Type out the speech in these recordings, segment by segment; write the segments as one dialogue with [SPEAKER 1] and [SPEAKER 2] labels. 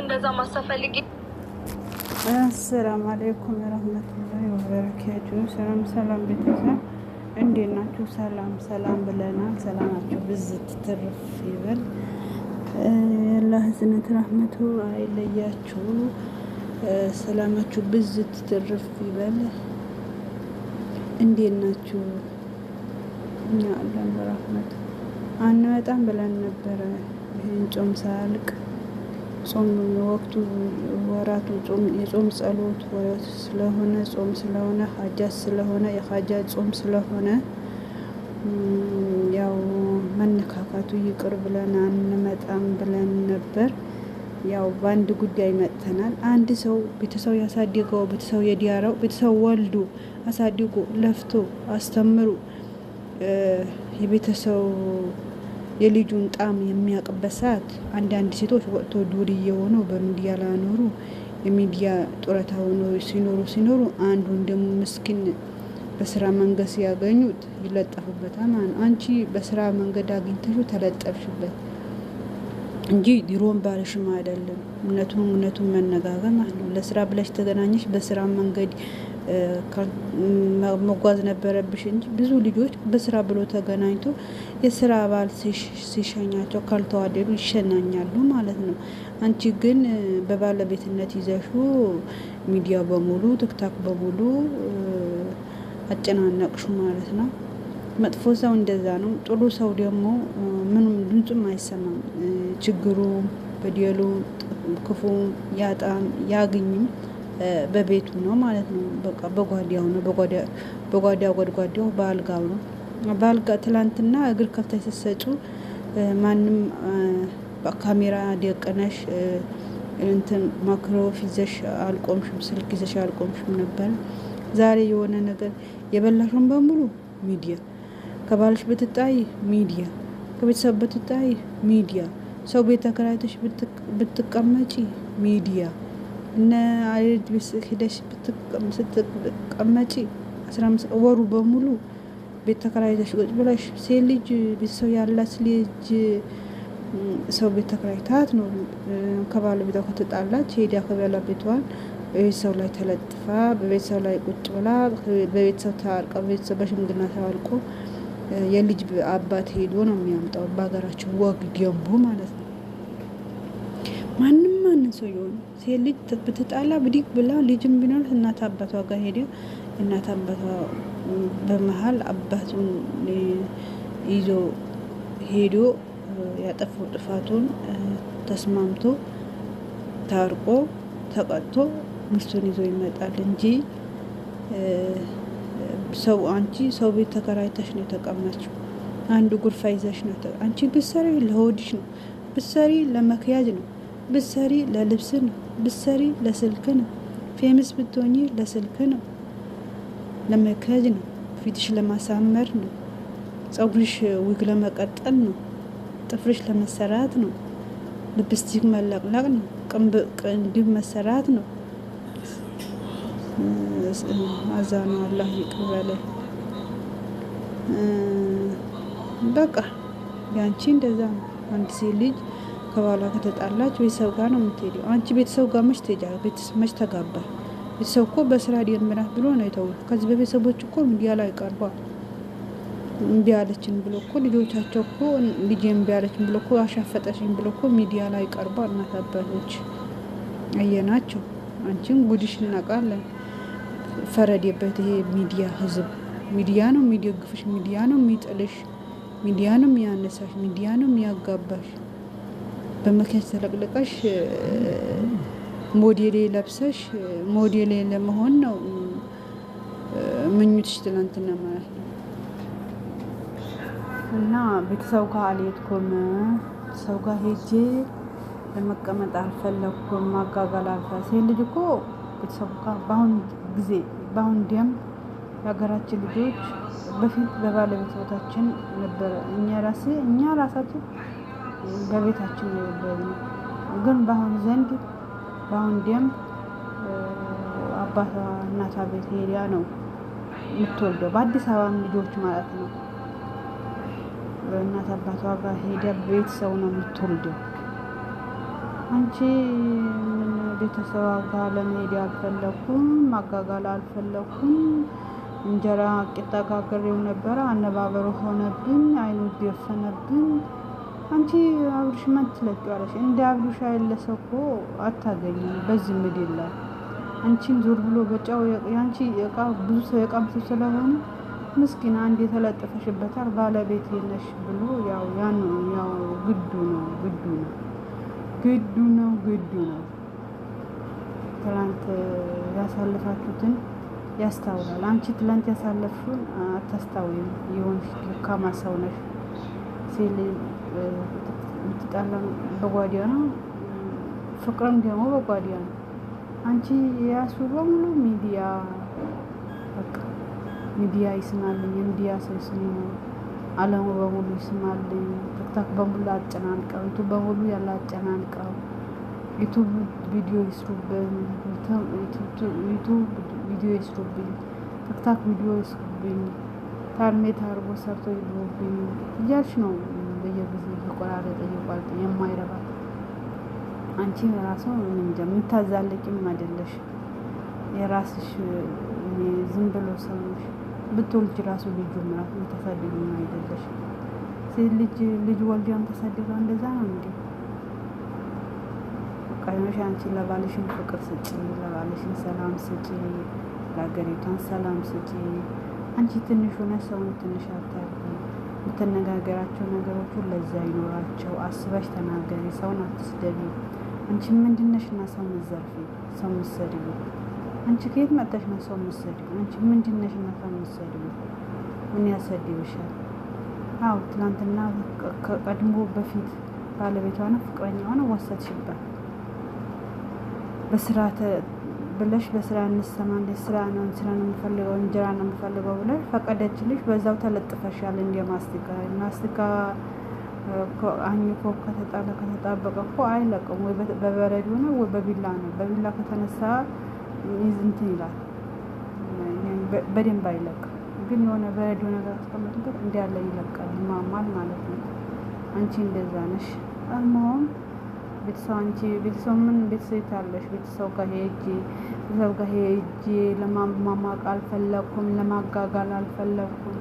[SPEAKER 1] እንደዛ ማሰብ አለይኩም ረህመቱላሂ ወበረካቱ። ሰላም ሰላም ቤተሰብ እንዴት ናችሁ? ሰላም ሰላም ብለናል። ሰላማችሁ ብዝት ትርፍ ይበል። የአላህ ህዝነት ረህመቱ አይለያችሁ። ሰላማችሁ ብዝት ትርፍ ይበል። እንዴት ናችሁ? እኛ አለን በረህመቱ አንመጣም ብለን ነበረ ይህን ጾም ሳያልቅ ጾም ወቅቱ ወራቱ ጾም የጾም ጸሎት ወራት ስለሆነ ጾም ስለሆነ ሀጃ ስለሆነ የሀጃ ጾም ስለሆነ ያው መነካካቱ ይቅር ብለን አንመጣም ብለን ነበር። ያው በአንድ ጉዳይ መጥተናል። አንድ ሰው ቤተሰብ ያሳደገው ቤተሰብ የዲያረው ቤተሰብ ወልዱ አሳድጎ ለፍቶ አስተምሩ የቤተሰብ የልጁን ጣም የሚያውቅበት ሰዓት አንዳንድ ሴቶች ወጥቶ ዱርዬ ሆነው በሚዲያ ላኖሩ የሚዲያ ጡረታ ሆኖ ሲኖሩ ሲኖሩ አንዱን ደግሞ ምስኪን በስራ መንገድ ሲያገኙት ይለጠፉበታል ማለት ነው። አንቺ በስራ መንገድ አግኝተሹ ተለጠፍሽበት እንጂ ድሮን ባልሽም አይደለም። እውነቱን እውነቱን መነጋገር ማለት ነው። ለስራ ብለሽ ተገናኘሽ፣ በስራ መንገድ መጓዝ ነበረብሽ እንጂ ብዙ ልጆች በስራ ብሎ ተገናኝቶ የስራ አባል ሲሸኛቸው ካልተዋደዱ ይሸናኛሉ ማለት ነው። አንቺ ግን በባለቤትነት ይዘሹ ሚዲያ በሙሉ ትክታክ በሙሉ አጨናነቅሹ ማለት ነው። መጥፎ ሰው እንደዛ ነው። ጥሩ ሰው ደግሞ ምንም ድምፁም አይሰማም። ችግሩ በደሉ ክፉ ያጣም ያግኝም በቤቱ ነው ማለት ነው። በቃ በጓዳው ነው በጓዳ ጎድጓዳው በአልጋው ነው። በአልጋ ትላንትና እግር ከፍታ ስትሰጩ ማንም በካሜራ ደቅነሽ እንትን ማክሮ ፊዘሽ አልቆምሽም፣ ስልክ ይዘሽ አልቆምሽም ነበር። ዛሬ የሆነ ነገር የበላሽን በሙሉ ሚዲያ፣ ከባልሽ ብትጣይ ሚዲያ፣ ከቤተሰብ ብትጣይ ሚዲያ፣ ሰው ቤት ተከራይተሽ ብትቀመጪ ሚዲያ፣ እነ አሌድ ሂደሽ ስትቀመጪ ወሩ በሙሉ ቤት ተከራይተሽ ቁጭ ብለሽ ሴት ልጅ ቤተሰብ ያላት ልጅ ሰው ቤት ተከራይታት ነው ከባለ ቤቷ ከተጣላች ሄዳ ከበላ ቤቷን በቤተሰብ ላይ ተለጥፋ በቤተሰብ ላይ ቁጭ ብላ በቤተሰብ ታርቃ በቤተሰብ በሽምግልና ታዋልቆ የልጅ አባት ሄዶ ነው የሚያምጣው። በሀገራችን ወግ ገንቦ ማለት ነው። ማንም ማንም ሰው የሆነ ሴት ልጅ ብትጣላ ብድግ ብላ ልጅም ቢኖር እናት አባቷ ጋር ሄደ እናት አባቷ በመሀል አባቱን ይዞ ሄዶ ያጠፋው ጥፋቱን ተስማምቶ ታርቆ ተቀጥቶ ሚስቱን ይዞ ይመጣል እንጂ ሰው አንቺ ሰው ቤት ተከራይተሽ ነው የተቀመችው፣ አንዱ ጉርፋ ይዘሽ ነው አንቺ ብሰሪ ለሆድሽ ነው፣ ብሰሪ ለመክያጅ ነው፣ ብሰሪ ለልብስ ነው፣ ብሰሪ ለስልክ ነው፣ ፌምስ ብትሆኚ ለስልክ ነው። ለመከጅ ነው። ፊትሽ ለማሳመር ነው። ጸጉርሽ ዊግ ለመቀጠል ነው። ጥፍርሽ ለመሰራት ነው። ልብስቲክ መለቅለቅ ነው። ቅንድብ መሰራት ነው። አዛ ነው። አላህ ይቅር በቃ ያንቺ እንደዛ ነው። አንድ ሴት ልጅ ከባሏ ከተጣላች ቤተሰብ ጋር ነው የምትሄደው። አንቺ ቤተሰብ ጋር መች ትሄጃለሽ? ቤተሰብ መች ተጋባ ቤተሰብ እኮ በስራ ዲን ብሎ ነው የተው። ከዚህ በቤተሰቦች እኮ ሚዲያ ላይ ቀርቧ እምቢ አለችን ብሎ እኮ ልጆቻቸው እኮ ልጄ እምቢ አለችን ብሎ እኮ አሻፈጠሽኝ ብሎ እኮ ሚዲያ ላይ ቀርቧል። እናት አባቶች አየናቸው። አንቺም ጉድሽ እናውቃለን። ፈረደበት ይሄ ሚዲያ ህዝብ ሚዲያ ነው የሚደግፍሽ፣ ሚዲያ ነው የሚጥልሽ፣ ሚዲያ ነው የሚያነሳሽ፣ ሚዲያ ነው የሚያጋባሽ። በመኪና ተለቅልቀሽ ሞዴሌ ለብሰሽ ሞዴሌ ለመሆን ነው ምኞትሽ ትናንትና ማለት ነው። እና ቤተሰው ጋር አልሄድኩም። ሰው ጋር ሄጄ ለመቀመጥ አልፈለግኩም። ማጋጋል አልፈ ሴት ልጅ እኮ ቤተሰቡ ጋር በአሁን ጊዜ በአሁን ዲያም የሀገራችን ልጆች በፊት በባለቤቶታችን ነበረ። እኛ ራሴ እኛ ራሳችን በቤታችን ነበር፣ ግን በአሁን ዘንድ በአሁን አባቷ እናቷ ቤት ሄዳ ነው የምትወልደው። በአዲስ አበባ ልጆች ማለት ነው እናት አባቷ ጋር ሄዳ ቤተሰቡ ነው የምትወልደው። አንቺ ምን ቤተሰብ ጋር ለመሄድ አልፈለኩም፣ ማጋጋል አልፈለኩም። እንጀራ ቂጣ ጋግሬው ነበረ፣ አነባበሩ ሆነብን፣ አይኑ ደፈነብን። አንቺ አብርሽ ማን ትለቂዋለሽ? እንደ አብዱሻ ያለ ሰው እኮ አታገኝ በዚህ ምድር ላይ። አንቺን ዞር ብሎ በጫው የአንቺ እቃ ብዙ ሰው የቀምሱ ስለሆነ ምስኪና አንድ የተለጠፈሽበታል ባለቤት የለሽ ብሎ ያው ያን ያው ግዱ ነው ግዱ ነው ግዱ ነው ግዱ ነው። ትላንት ያሳለፋችሁትን ያስታውላል። አንቺ ትላንት ያሳለፍሽውን አታስታውይም። የሆንሽ ደካማ ሰው ነሽ ሲል የምትጣላው በጓዲያ ነው፣ ፍቅርም ደግሞ በጓዲያ ነው። አንቺ የያሱ በሙሉ ሚዲያ በቃ ሚዲያ ይስማልኝ፣ የሚዲያ ሰው ይስማልኝ፣ አለሙ በሙሉ ይስማልኝ፣ ትክታክ በሙሉ አጨናንቀው፣ ዩቱብ በሙሉ ያለ አጨናንቀው፣ ዩቱብ ቪዲዮ ይስሩብን፣ ዩቱብ ቪዲዮ ይስሩብኝ፣ ትክታክ ቪዲዮ ይስሩብኝ፣ ታርሜት አርጎ ሰርቶ ይብሩብኝ እያልሽ ነው በየጊዜው እየቆራረጠ እየቆራረጠ የማይረባ አንቺ ራሱ እንጃ የምታዛልቂም አይደለሽ። የራስሽ ዝም ብሎ ሰውሽ ብትወልጅ ራሱ ልጁ ምራፍ ተሰድቢ አይደለሽ። ልጅ ልጅ ወልዲያን ተሰድባ እንደዛ ነው እንዴ? ቀኖሽ አንቺ ለባልሽን ፍቅር ስጪ፣ ለባልሽን ሰላም ስጪ፣ ለሀገሪቷን ሰላም ስጪ። አንቺ ትንሽ ሆነ ሰውን ትንሽ አታርጉ። የተነጋገራቸው ነገሮች ለዛ ይኖራቸው። አስበሽ ተናገሪ፣ ሰውን አትስደቢ። አንቺ ምንድነሽ እና ሰው ምዘርፊ ሰው ምሰድቢ? አንቺ ከየት መጥተሽ ነው ሰው ምሰድቢ? አንቺ ምንድነሽ እና ሰው ምሰድቢ? ምን ያሰድብሻል? አው ትናንትና ከቀድሞ በፊት ባለቤቷ ነው ፍቅረኛዋ ነው ወሰድሽባት በስራ ብለሽ በስራ እንደ ስራ ነው ስራ ነው የምፈልገው እንጀራ ነው የምፈልገው ብለሽ ፈቀደችልሽ። በዛው ተለጥፈሻል እንደ ማስቲካ። ማስቲካ አኝኮ ከተጣለ ከተጣበቀ እኮ አይለቅም። ወይ በበረዶ ነው ወይ በቢላ ነው። በቢላ ከተነሳ እንትን ይላል፣ በደንብ አይለቅም። ግን የሆነ በረዶ ነገር አስቀምጥበት እንዲያለ ይለቃል። ይማማል ማለት ነው። አንቺ እንደዛ ነሽ አሁን ቤተሰብ አንቺ ቤተሰብ ምን ቤተሰብ ታለሽ? ቤተሰብ ጋር ሄጄ ቤተሰብ ጋር ሄጄ ለማማማቅ አልፈለኩም፣ ለማጋጋል አልፈለኩም።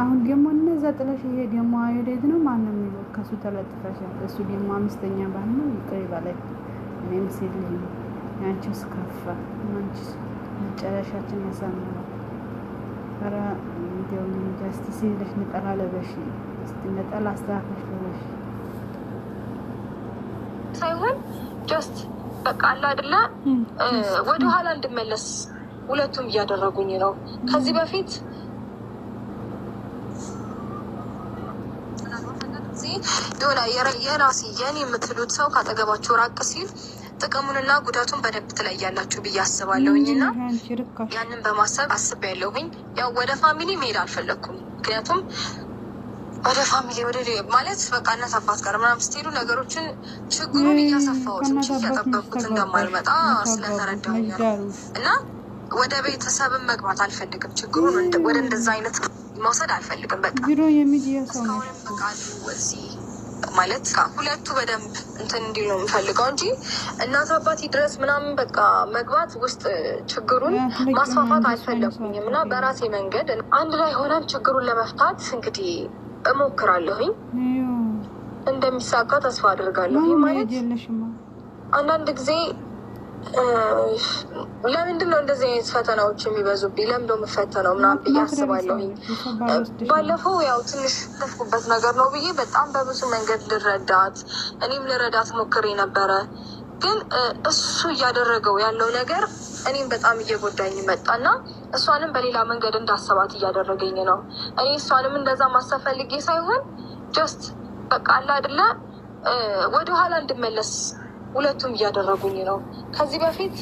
[SPEAKER 1] አሁን ደግሞ እነዛ ጥለሽ ይሄ ደግሞ አዮዴት ነው ማንም የሚለው ከሱ ተለጥፈሽ እሱ ደግሞ አምስተኛ ባል ነው ይቅር ይበላል። እኔም ሴት ልጅ ነው ያንቺስ ከፋ አንቺ መጨረሻችን ያሳምራል። ኧረ እንዲያው ጃስቲ ሲልሽ ነጠላ ለበሽ ነጠላ አስተካክለሽ ለበሽ
[SPEAKER 2] ሳይሆን ጀስት በቃ አለ አይደለ ወደኋላ እንድመለስ ሁለቱም እያደረጉኝ ነው። ከዚህ በፊት የሆነ የራሴ የኔ የምትሉት ሰው ካጠገባቸው ራቅ ሲል ጥቅሙንና ጉዳቱን በደንብ ትለያላችሁ ብዬ አስባለሁኝ እና ያንን በማሰብ አስቤያለሁኝ። ያው ወደ ፋሚሊ መሄድ አልፈለግኩም ምክንያቱም ወደ ፋሚሊ ወደ ማለት በቃ እናት አባት ጋር ምናምን ስትሄዱ ነገሮችን ችግሩን እያሰፋሁት እንጂ እንደማልመጣ ስለተረዳሁኝ እና ወደ ቤተሰብን መግባት አልፈልግም። ችግሩን ወደ እንደዛ አይነት መውሰድ አልፈልግም። በቃ እስካሁንም በቃ እዚህ ማለት ሁለቱ በደንብ እንትን እንዲ ነው የምፈልገው እንጂ እናት አባቴ ድረስ ምናምን በቃ መግባት ውስጥ ችግሩን ማስፋፋት አልፈለኩኝም እና በራሴ መንገድ አንድ ላይ ሆነን ችግሩን ለመፍታት እንግዲህ እሞክራለሁኝ። እንደሚሳካ ተስፋ አድርጋለሁ። ማለት አንዳንድ ጊዜ ለምንድን ነው እንደዚህ አይነት ፈተናዎች የሚበዙብኝ? ለምዶ የምፈተነው ምናምን ብዬ አስባለሁኝ። ባለፈው ያው ትንሽ ተፍኩበት ነገር ነው ብዬ በጣም በብዙ መንገድ ልረዳት እኔም ልረዳት ሞክሬ ነበረ። ግን እሱ እያደረገው ያለው ነገር እኔም በጣም እየጎዳኝ መጣና እሷንም በሌላ መንገድ እንዳሰባት እያደረገኝ ነው። እኔ እሷንም እንደዛ ማሰብ ፈልጌ ሳይሆን ጀስት በቃ አለ አይደለ ወደኋላ እንድመለስ ሁለቱም እያደረጉኝ ነው ከዚህ በፊት